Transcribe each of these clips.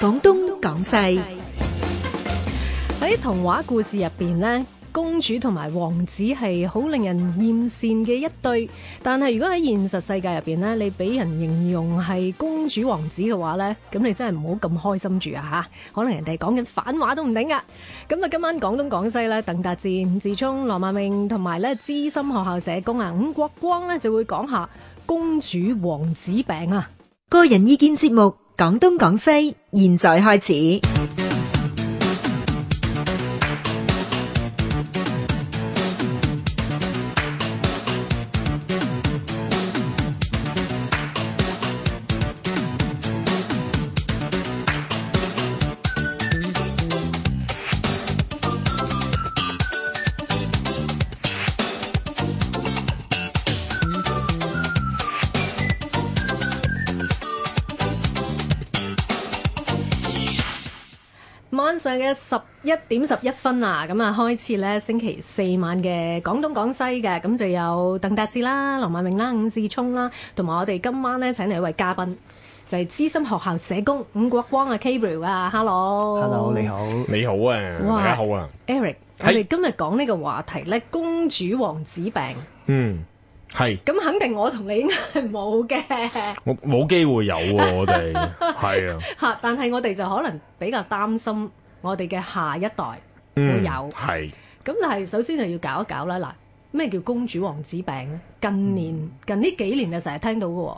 廣東廣西喺童話故事入邊咧，公主同埋王子係好令人艷羨嘅一對。但係如果喺現實世界入邊咧，你俾人形容係公主王子嘅話呢，咁你真係唔好咁開心住啊！吓，可能人哋講緊反話都唔定噶。咁啊，今晚廣東廣西呢，鄧達智、伍智聰、羅曼穎同埋呢資深學校社工啊，伍國光呢，就會講下公主王子病啊。個人意見節目，廣東廣西。現在開始。晚上嘅十一點十一分啊，咁啊開始咧星期四晚嘅講東講西嘅，咁就有鄧達志啦、羅萬明啦、伍志聰啦，同埋我哋今晚咧請嚟一位嘉賓，就係、是、資深學校社工伍國光啊 k b 啊。h e l l o h e l l o 你好，你好啊，大家好啊，Eric，我哋今日講呢個話題咧，公主王子病，嗯。係，咁肯定我同你應該係冇嘅，我冇機會有喎，我哋係啊。嚇！但係我哋就可能比較擔心我哋嘅下一代會有，係。咁但係首先就要搞一搞啦，嗱，咩叫公主王子病咧？近年近呢幾年就成日聽到嘅喎。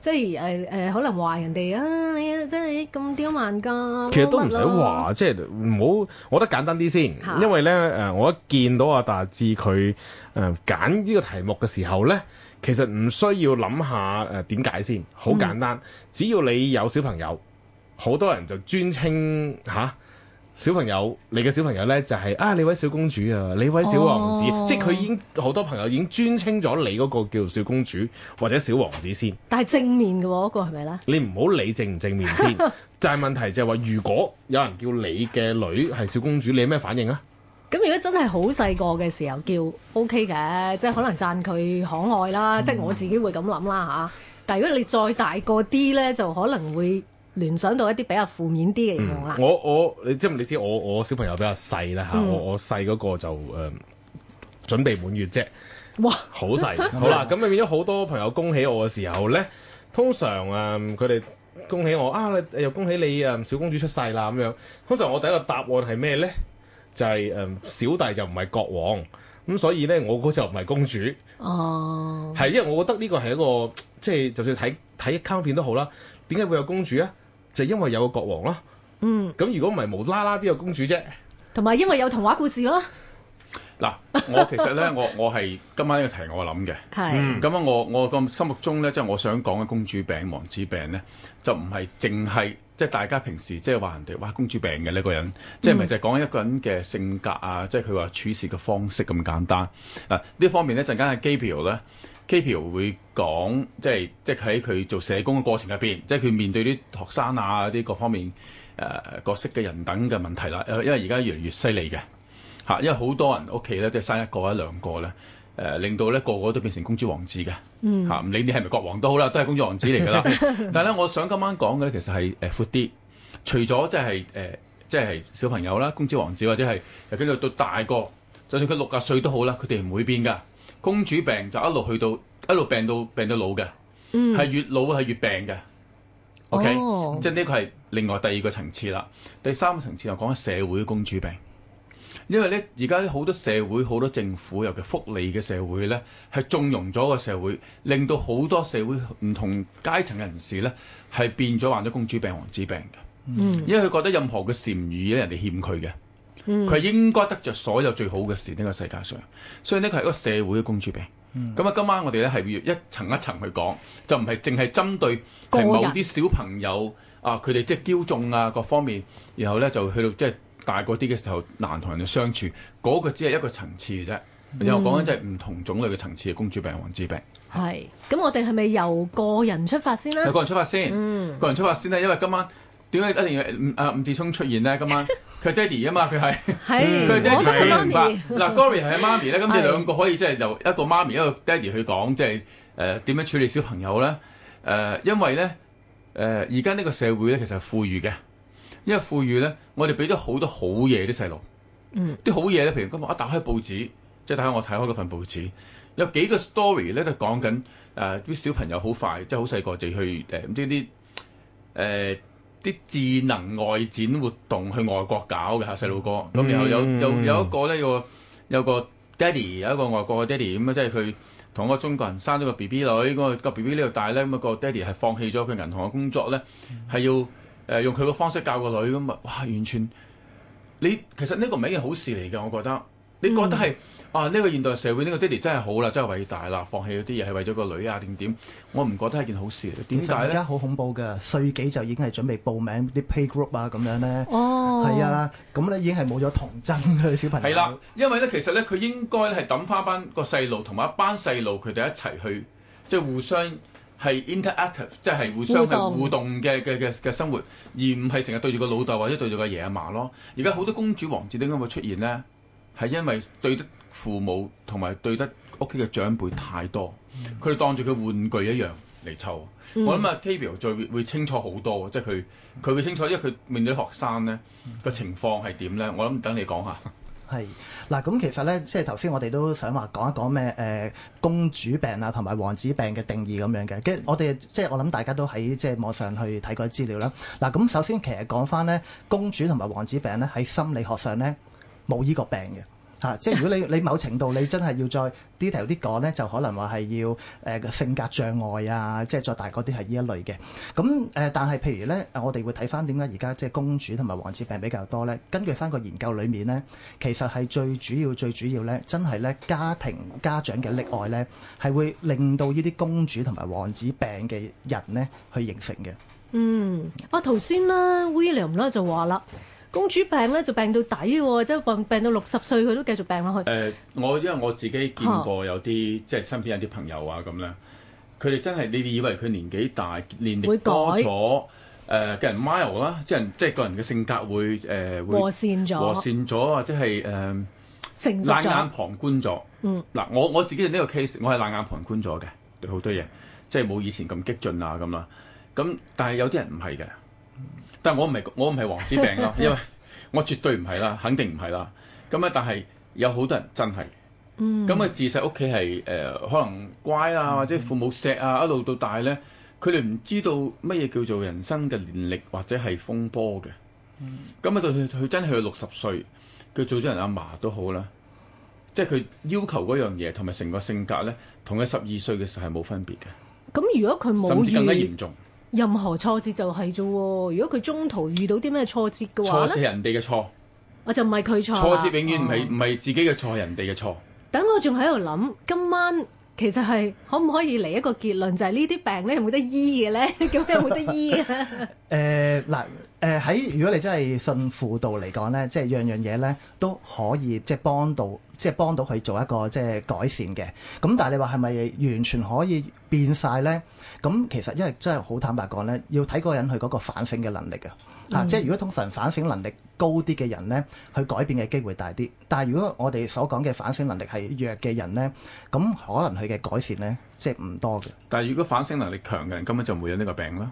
即係誒誒，可能話人哋啊，你真係咁刁蠻噶。其實都唔使話，即係唔好，我覺得簡單啲先。因為咧誒，我一見到阿達智佢誒揀呢個題目嘅時候咧，其實唔需要諗下誒點解先，好簡單。嗯、只要你有小朋友，好多人就專稱吓。小朋友，你嘅小朋友呢、就是，就係啊，你位小公主啊，你位小王子，oh. 即係佢已經好多朋友已經專稱咗你嗰個叫小公主或者小王子先。但係正面嘅喎，嗰個係咪呢？你唔好理正唔正面先， 但係問題就係、是、話，如果有人叫你嘅女係小公主，你有咩反應啊？咁如果真係好細個嘅時候叫 OK 嘅，即係可能讚佢可愛啦，嗯、即係我自己會咁諗啦吓，但係如果你再大個啲呢，就可能會。聯想到一啲比較負面啲嘅嘢啦。我我你知唔你知，我我小朋友比較細啦嚇，我我細嗰個就誒、呃、準備滿月啫。哇！好細， 好啦，咁咪變咗好多朋友恭喜我嘅時候咧，通常啊，佢、嗯、哋恭喜我啊，又恭喜你啊，小公主出世啦咁樣。通常我第一個答案係咩咧？就係、是、誒、嗯、小弟就唔係國王咁，所以咧我嗰就唔係公主。哦，係因為我覺得呢個係一個即係、就是、就算睇睇卡通片都好啦，點解會有公主啊？就是、因為有個國王咯，嗯，咁如果唔係無啦啦邊個公主啫？同埋因為有童話故事咯。嗱 ，我其實咧，我我係今晚呢個題我諗嘅，係咁啊，我我個心目中咧，即、就、係、是、我想講嘅公主病、王子病咧，就唔係淨係即係大家平時即係話人哋哇公主病嘅呢、這個人，即係咪就係講、是、一個人嘅性格啊，即係佢話處事嘅方式咁簡單嗱。呢、啊、方面咧陣間係 Kabriel 咧。Kabriel 會講即係即喺佢做社工嘅過程入面，即係佢面對啲學生啊啲各方面誒角色嘅人等嘅問題啦。因為而家越嚟越犀利嘅嚇，因為好多人屋企咧即係生一個一兩個咧，令到咧個個都變成公主王子嘅嚇。嗯，唔理你係咪國王都好啦，都係公主王子嚟㗎啦。 但係咧，我想今晚講嘅咧其實係誒闊啲，除咗即係即係小朋友啦、公主王子或者係由跟住到大個，就算佢六十歲都好啦，佢哋唔會變㗎。公主病就一路去到一路病到病到老嘅，係、嗯、越老係越病嘅，OK、哦、即係呢個係另外第二個層次啦。第三個層次就講緊社會公主病，因為咧而家好多社會好多政府，尤其福利嘅社會咧，係縱容咗個社會，令到好多社會唔同階層嘅人士咧係變咗患咗公主病王子病嘅、嗯，因為佢覺得任何嘅事唔如意咧人哋欠佢嘅。佢、嗯、應該得着所有最好嘅事呢、這個世界上，所以呢，佢係一個社會嘅公主病。咁、嗯、啊，今晚我哋咧係要一層一層去講，就唔係淨係針對某啲小朋友啊，佢哋即係嬌縱啊各方面，然後咧就去到即係大個啲嘅時候難同人哋相處，嗰、那個只係一個層次嘅啫、嗯。然後講緊即係唔同種類嘅層次嘅公主病、王子病。係，咁我哋係咪由個人出發先咧、嗯？個人出發先，個人出發先咧，因為今晚點解一定要伍啊伍智聰出現咧？今晚。 佢爹哋啊嘛，佢係佢係爹哋。嗱嗱，Gary 係阿媽咪咧，咁 你兩個可以即係就由一個媽咪，一個爹哋去講，即係誒點樣處理小朋友咧？誒、呃，因為咧誒，而家呢個社會咧，其實係富裕嘅，因為富裕咧，我哋俾咗好多好嘢啲細路。嗯，啲好嘢咧，譬如今日我打開報紙，即係睇下我睇開嗰份報紙，有幾個 story 咧就講緊誒啲小朋友好快，即係好細個就去誒咁啲啲啲智能外展活動去外國搞嘅，吓細路哥，咁然後有有有一個呢個有個 daddy 有一個外國嘅 daddy 咁啊，即係佢同一個中國人生咗個 B B 女，那個 BB、那個 B B 呢度大咧，咁個 daddy 係放棄咗佢銀行嘅工作咧，係要誒、呃、用佢個方式教個女咁啊、嗯，哇！完全你其實呢個咪好事嚟嘅，我覺得。你覺得係、嗯、啊？呢、這個現代社會呢、呢個爹哋真係好啦，真係偉大啦！放棄嗰啲嘢係為咗個女啊，定點？我唔覺得係件好事嚟。點解咧？而家好恐怖噶，歲幾就已經係準備報名啲 play group 啊，咁樣咧。哦，係啊，咁咧已經係冇咗童真嘅小朋友。係、啊、啦，因為咧，其實咧，佢應該係揼返班個細路，同埋一班細路，佢哋一齊去，即、就、係、是、互相係 interactive，即係互相係互動嘅嘅嘅嘅生活，而唔係成日對住個老豆或者對住個爺阿嫲咯。而家好多公主王子點解會出現咧？係因為對得父母同埋對得屋企嘅長輩太多，佢、嗯、哋當住佢玩具一樣嚟湊。嗯、我諗啊 Kabriel 最會清楚好多，嗯、即係佢佢會清楚，因為佢面對啲學生咧個、嗯、情況係點咧。我諗等你講下。係嗱，咁其實咧，即係頭先我哋都想話講一講咩誒公主病啊，同埋王子病嘅定義咁樣嘅。跟，即我哋即係我諗大家都喺即係網上去睇過資料啦。嗱，咁首先其實講翻咧公主同埋王子病咧喺心理學上咧，冇呢個病嘅嚇、啊，即係如果你你某程度你真係要再 detail 啲講咧，就可能話係要誒、呃、性格障礙啊，即係再大嗰啲係呢一類嘅。咁誒、呃，但係譬如咧，我哋會睇翻點解而家即係公主同埋王子病比較多咧？根據翻個研究裡面咧，其實係最主要最主要咧，真係咧家庭家長嘅溺愛咧，係會令到呢啲公主同埋王子病嘅人咧去形成嘅。嗯，阿頭先咧 William 咧就話啦。公主病咧就病到底喎，即係病病到六十歲佢都繼續病落去。誒、呃，我因為我自己見過有啲、啊、即係身邊有啲朋友啊咁咧，佢哋真係你哋以為佢年紀大年齡會多咗，誒嘅、呃、人 mild 啦，即係即係個人嘅性格會誒、呃、和善咗，和善咗或者係誒冷眼旁觀咗。嗯，嗱我我自己喺呢個 case，我係冷眼旁觀咗嘅好多嘢，即係冇以前咁激進啊咁啦。咁但係有啲人唔係嘅。但我唔係我唔係王子病咯， 因為我絕對唔係啦，肯定唔係啦。咁啊，但係有好多人真係，咁、嗯、啊自細屋企係誒可能乖啊，或者父母錫啊，嗯、一路到大咧，佢哋唔知道乜嘢叫做人生嘅年歷或者係風波嘅。咁、嗯、啊到佢佢真係去六十歲，佢做咗人阿嫲都好啦，即係佢要求嗰樣嘢同埋成個性格咧，同佢十二歲嘅時候係冇分別嘅。咁如果佢冇，甚至更加嚴重。任何挫折就係啫、啊，如果佢中途遇到啲咩挫折嘅話呢，挫折係人哋嘅錯，我、啊、就唔係佢錯。挫折永遠唔係唔係自己嘅錯，係人哋嘅錯。等我仲喺度諗今晚。其實係可唔可以嚟一個結論，就係、是、呢啲病咧有冇得醫嘅咧？咁有冇得醫嘅？誒嗱誒喺，如果你真係信輔導嚟講咧，即係樣樣嘢咧都可以即係幫到，即係幫到佢做一個即係改善嘅。咁但係你話係咪完全可以變晒咧？咁其實因為真係好坦白講咧，要睇個人佢嗰個反省嘅能力㗎、啊。啊！即係如果通常反省能力高啲嘅人咧，佢改變嘅機會大啲。但係如果我哋所講嘅反省能力係弱嘅人咧，咁可能佢嘅改善咧，即係唔多嘅。但係如果反省能力強嘅人，根本就冇有呢個病啦。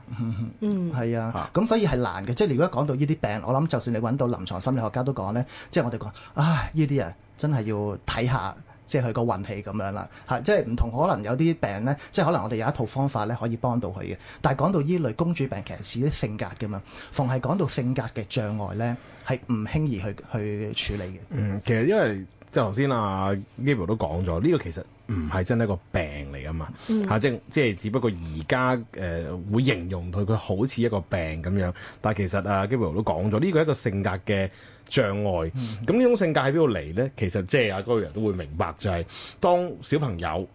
嗯，係啊。嚇！咁所以係難嘅。即係如果講到呢啲病，我諗就算你揾到臨床心理學家都講咧，即係我哋講，唉、啊，呢啲人真係要睇下。即係佢個運氣咁樣啦，吓，即係唔同，可能有啲病咧，即係可能我哋有一套方法咧，可以幫到佢嘅。但係講到依類公主病，其實似啲性格嘅嘛，逢係講到性格嘅障礙咧，係唔輕易去去處理嘅。嗯，其實因為。即係頭先啊，Kabriel 都講咗，呢個其實唔係真係一個病嚟啊嘛，吓、嗯，即係即係只不過而家誒會形容佢，佢好似一個病咁樣。但係其實啊，Kabriel 都講咗，呢個係一個性格嘅障礙。咁、嗯、呢種性格喺邊度嚟咧？其實即係阿 Kabriel 都會明白，就係當小朋友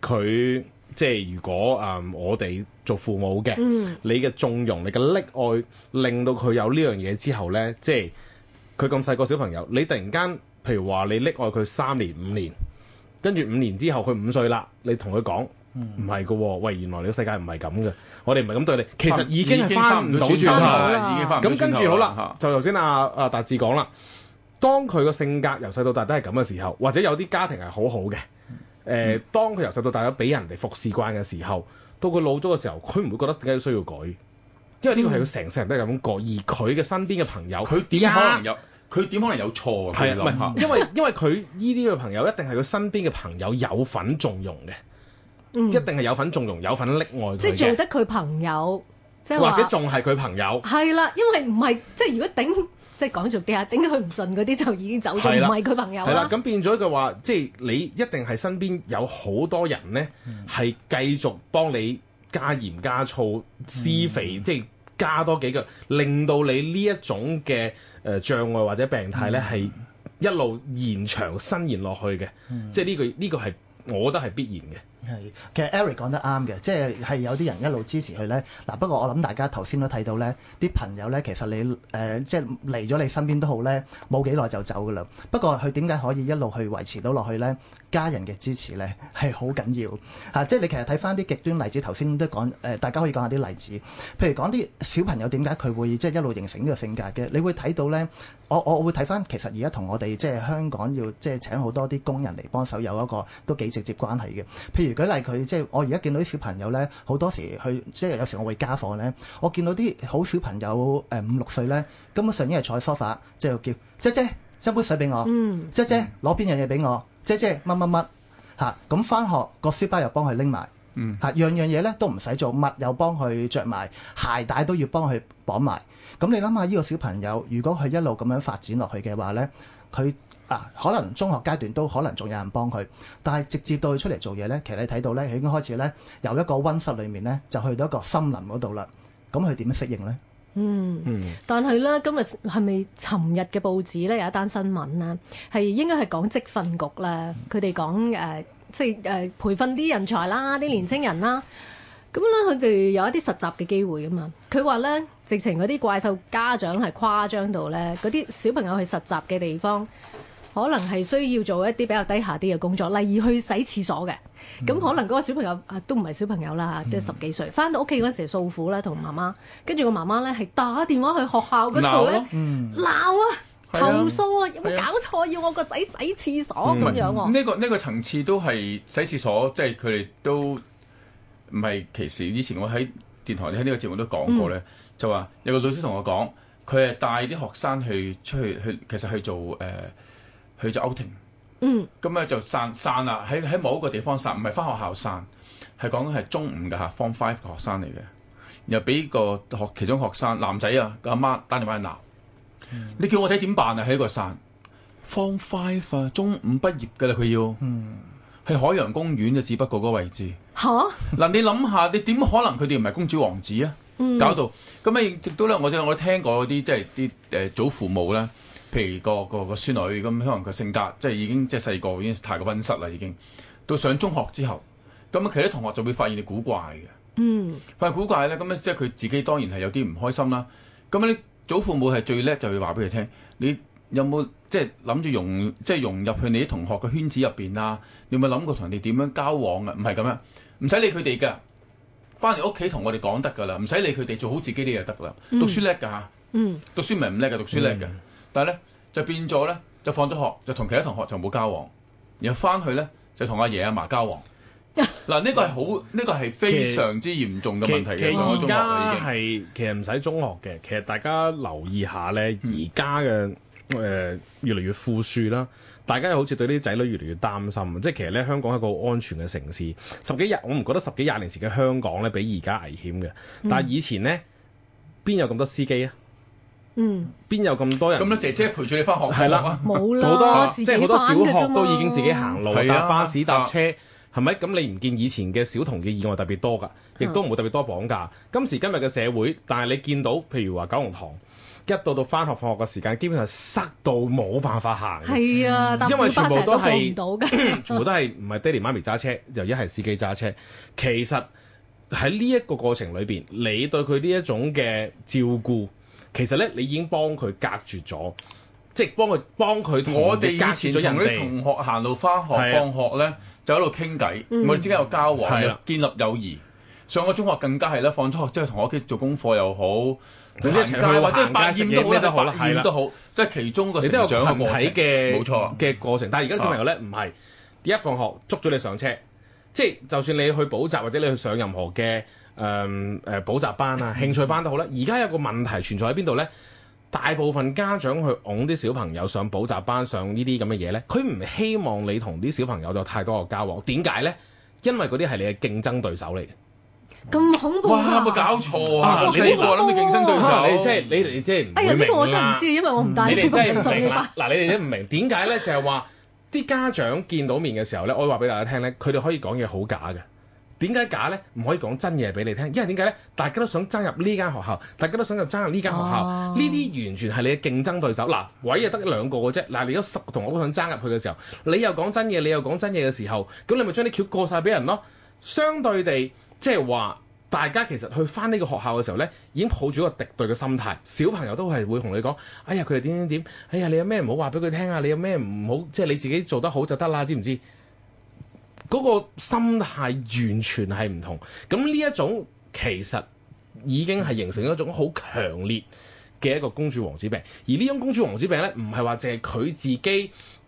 佢即係如果啊、嗯，我哋做父母嘅、嗯，你嘅縱容、你嘅溺愛，令到佢有呢樣嘢之後咧，即係佢咁細個小朋友，你突然間。譬如話你溺愛佢三年五年，跟住五年之後佢五歲啦，你同佢講唔係噶，喂，原來你個世界唔係咁嘅，我哋唔係咁對你，其實已經翻唔到轉頭，咁跟住好啦、啊，就頭先阿阿達智講啦，當佢個性格由細到大都係咁嘅時候，或者有啲家庭係好好嘅，誒、呃嗯，當佢由細到大都俾人哋服侍慣嘅時候，到佢老咗嘅時候，佢唔會覺得點解需要改？因為呢個係佢成世人都係咁過，嗯、而佢嘅身邊嘅朋友，佢點可能有？佢點可能有錯，係、嗯，因為因為佢依啲嘅朋友一定係佢身邊嘅朋友有份縱容嘅、 嗯，一定係有份縱容，有份溺愛嘅，即係做得佢朋友，或者仲係佢朋友。係啦，因為唔係即係如果頂即係講俗啲啊，頂佢唔順嗰啲就已經走咗，唔係佢朋友啦、啊。咁變咗嘅話，即係你一定係身邊有好多人呢，係、嗯、繼續幫你加鹽加醋、施肥，嗯、即係加多幾個令到你呢一種嘅。誒、呃、障礙或者病態咧，係、嗯、一路延長伸延落去嘅、嗯，即係、呢、呢個呢、呢個係我覺得係必然嘅。係，其實 Eric 講得啱嘅，即係有啲人一路支持佢咧。嗱，不過我諗大家頭先都睇到咧，啲朋友咧其實你、呃、即係嚟咗你身邊都好咧，冇幾耐就走噶啦。不過佢點解可以一路去維持到落去咧？家人嘅支持咧係好緊要、啊、即係你其實睇翻啲極端例子，頭先都講、呃、大家可以講下啲例子。譬如講啲小朋友點解佢會即係一路形成呢個性格嘅，你會睇到咧，我我會睇翻其實而家同我哋即係香港要即係請好多啲工人嚟幫手有一個都幾直接關係嘅，譬如。舉例佢即係我而家見到啲小朋友咧，好多時去即係有時我會家訪咧，我見到啲好小朋友、呃、五六歲咧，根本上已係坐喺 sofa，即係叫姐姐將杯水俾我、嗯、我，姐姐攞邊樣嘢俾我，姐姐乜乜乜吓，咁翻學個書包又幫佢拎埋，嚇、啊、樣樣嘢咧都唔使做，襪又幫佢着埋，鞋帶都要幫佢綁埋，咁、啊嗯、你諗下呢個小朋友如果佢一路咁樣發展落去嘅話咧，佢。啊，可能中學階段都可能仲有人幫佢，但係直接到佢出嚟做嘢呢。其實你睇到呢，佢已經開始呢，由一個溫室裏面呢，就去到一個森林嗰度啦。咁佢點樣適應呢？嗯，嗯。但係呢，今日係咪尋日嘅報紙呢？有一單新聞呢，係應該係講職訓局啦，佢、嗯、哋講誒、呃，即係誒、呃、培訓啲人才啦，啲年青人啦。咁、嗯、咧，佢哋有一啲實習嘅機會啊嘛。佢話呢，直情嗰啲怪獸家長係誇張到呢，嗰啲小朋友去實習嘅地方。可能係需要做一啲比較低下啲嘅工作，例如去洗廁所嘅咁。嗯、可能嗰個小朋友啊，都唔係小朋友啦，即、嗯、係十幾歲翻到屋企嗰陣時婦呢，訴苦啦，同媽媽，跟住個媽媽咧係打電話去學校嗰度咧鬧啊，投訴啊，啊有冇搞錯？啊、要我個仔洗廁所咁、嗯、樣喎、啊？呢、呢個呢、呢個層次都係洗廁所，即係佢哋都唔係其實。以前我喺電台喺呢個節目都講過咧、嗯，就話有個老師同我講，佢係帶啲學生去出去去，其實去做誒。呃去咗 outing，嗯，咁咧就散散啦，喺喺某一個地方散，唔係翻學校散，係講緊係中午噶吓，form five 嘅學生嚟嘅，又俾個學其中學生男仔啊，個阿媽打電話去鬧，嗯，你叫我仔點辦啊？喺個散，form five 啊，中午畢業噶啦，佢要，嗯，去海洋公園就只不過個位置，吓，嗱，你諗下，你點可能佢哋唔係公主王子啊？嗯，搞到，咁啊，亦都咧，我我聽過啲即係啲誒祖父母咧。譬如個個個孫女咁，可能佢性格即係已經即係細個已經太過温室啦，已經到上中學之後咁啊，其他同學就會發現你古怪嘅。嗯，佢古怪咧，咁啊即係佢自己當然係有啲唔開心啦。咁啊，你祖父母係最叻，就要話俾佢聽：你有冇即係諗住融即係融入去你啲同學嘅圈子入邊啊？你有冇諗過同人哋點樣交往啊？唔係咁樣，唔使理佢哋嘅，翻嚟屋企同我哋講得㗎啦，唔使理佢哋，做好自己啲嘢得啦。讀書叻㗎嚇，讀書唔係唔叻嘅，讀書叻嘅。嗯。但係咧就變咗咧，就放咗學就同其他同學就冇交往，然後翻去咧就同阿爺阿嫲交往。嗱 呢個係好，呢、呢個係非常之嚴重嘅問題嘅。上開中，中學已經係，其實唔使中學嘅，其實大家留意下咧，而家嘅誒越嚟越富庶啦，大家又好似對啲仔女越嚟越擔心。即係其實咧，香港係一個安全嘅城市。十幾日我唔覺得十幾廿年前嘅香港咧比而家危險嘅，但係以前咧邊有咁多司機啊？嗯，邊有咁多人？咁咧，姐姐陪住你翻學，係、啊、啦，冇啦，好多即係好多小學都已經自己行路、啊、搭巴士搭車，係咪？咁你唔見以前嘅小童嘅意外特別多噶，亦都唔會特別多綁架。今時今日嘅社會，但係你見到譬如話九龍塘一到到翻學放學嘅時間，基本上塞到冇辦法行。係啊，搭因為全部都係，都 全部都係唔係爹哋媽咪揸車，就一係司機揸車。其實喺呢一個過程裏面，你對佢呢一種嘅照顧。其實咧，你已經幫佢隔住咗，即係幫佢幫佢同啲隔住咗人同啲同學行路返學、啊、放學咧，就喺度傾偈。嗯、我哋之間有交往，有、啊、建立友誼、啊。上個中學更加係呢，放咗學即係、就是、同我屋企做功課又好，行街或者百厭都好，百厭都好。即係、啊、其中個成長嘅過程。冇錯嘅過程。但係而家小朋友咧唔係，一放學捉咗你上車，啊、即係就算你去補習或者你去上任何嘅。誒、嗯、誒，補、呃、習班啊，興趣班都好啦。而家有個問題存在喺邊度咧？大部分家長去㧬啲小朋友上補習班，上呢啲咁嘅嘢咧，佢唔希望你同啲小朋友有太多嘅交往。點解咧？因為嗰啲係你嘅競爭對手嚟。咁恐怖啊！有冇搞錯啊！啊啊你諗住競爭對手，啊、你即係、就是、你哋即係唔？哎呀，呢、這個我真係唔知，因為我唔帶小朋友。嗱，你哋都唔明點解咧？就係話啲家長見到面嘅時候咧，我話俾大家聽咧，佢哋可以講嘢好假嘅。點解假呢？唔可以講真嘢俾你聽，因為點解呢？大家都想爭入呢間學校，大家都想入爭入呢間學校，呢、oh. 啲完全係你嘅競爭對手。嗱、呃、位就得一兩個嘅啫，嗱、呃、你有十個同學都想爭入去嘅時候，你又講真嘢，你又講真嘢嘅時候，咁你咪將啲橋過晒俾人咯。相對地，即係話大家其實去翻呢個學校嘅時候呢，已經抱住一個敵對嘅心態。小朋友都係會同你講：哎呀，佢哋點點點，哎呀，你有咩唔好話俾佢聽啊？你有咩唔好即係、就是、你自己做得好就得啦、啊，知唔知？嗰、那個心態完全係唔同，咁呢一種其實已經係形成一種好強烈嘅一個公主王子病，而呢種公主王子病呢，唔係話淨係佢自己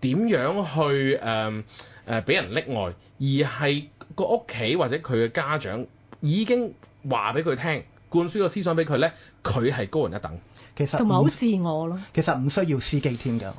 點樣去誒俾、呃呃、人溺愛，而係個屋企或者佢嘅家長已經話俾佢聽，灌輸個思想俾佢呢，佢係高人一等，其實同埋好自我咯，其實唔需要司機添㗎。